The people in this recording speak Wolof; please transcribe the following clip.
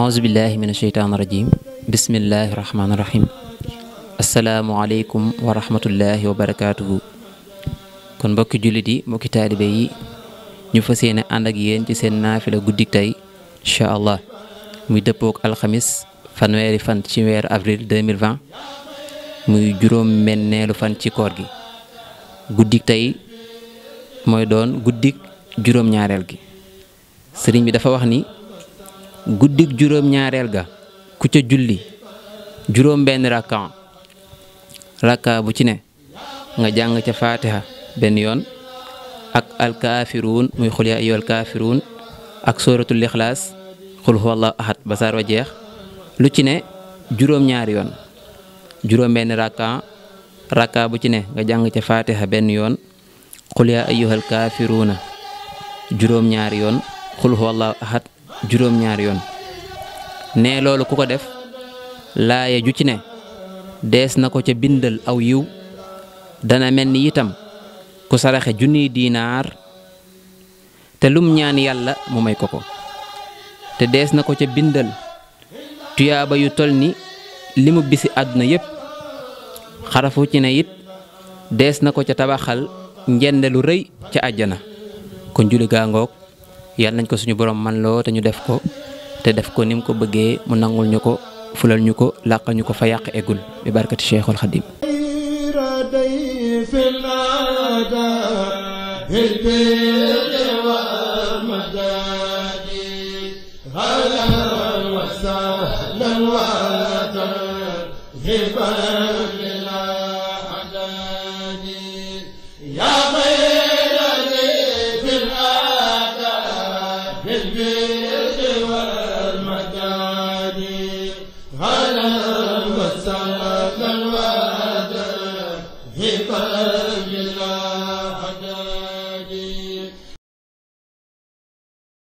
auzu billahi mina sheytaani rajiim bismillahi rahmaani rahiim asalaamualeykum wa rahmatullahi wa barakaatuhu kon mbokki jullit yi mbokki taalibe yi ñu fas yéene ànd ak yéen ci seen naafila guddik tey incha allah muy dëppook alxamis fanweeri fan ci weeru avril 2020 muy juróom-benneelu fan ci koor gi guddik tey mooy doon guddik juróom-ñaareel gi sëriñ bi dafa wax ni guddik juróom-ñaareel ga ku ca julli juróom benn rakka rakka bu ci ne nga jàng ca faatiha benn yoon ak alkaafiruun muy xul yaa ayyuhal kaafiruun ak sooratul ixlaas xul huwallahu ahad basaar wa jeex lu ci ne juróom-ñaari yoon juróom benn rakka rakka bu ci ne nga jàng ca faatiha benn yoon xul yaa ayyuhal kaafiruuna juróom-ñaari yoon xul huwallaahu ahad juróom-ñaari yoon ne loolu ku ko def laaye ju ci ne dees na ko ca bindal aw yiw dana mel ni itam ku saraxe junniy diinaar te lum ñaan yàlla mu may ko ko te dees na ko ca bindal tuyaaba yu tol ni li mu bisi àdduna yépp xarafu ci ne it dees na ko ca tabaxal njënd lu rëy ca àjjana kon julli gaa nañ ko suñu borom man lo te ñu def ko te def ko nim ko bëgge mu nangul ñuko fulal ñuko ko ñuko fa yaq egul bi barakati sheikhul Khadim Yeah. هلا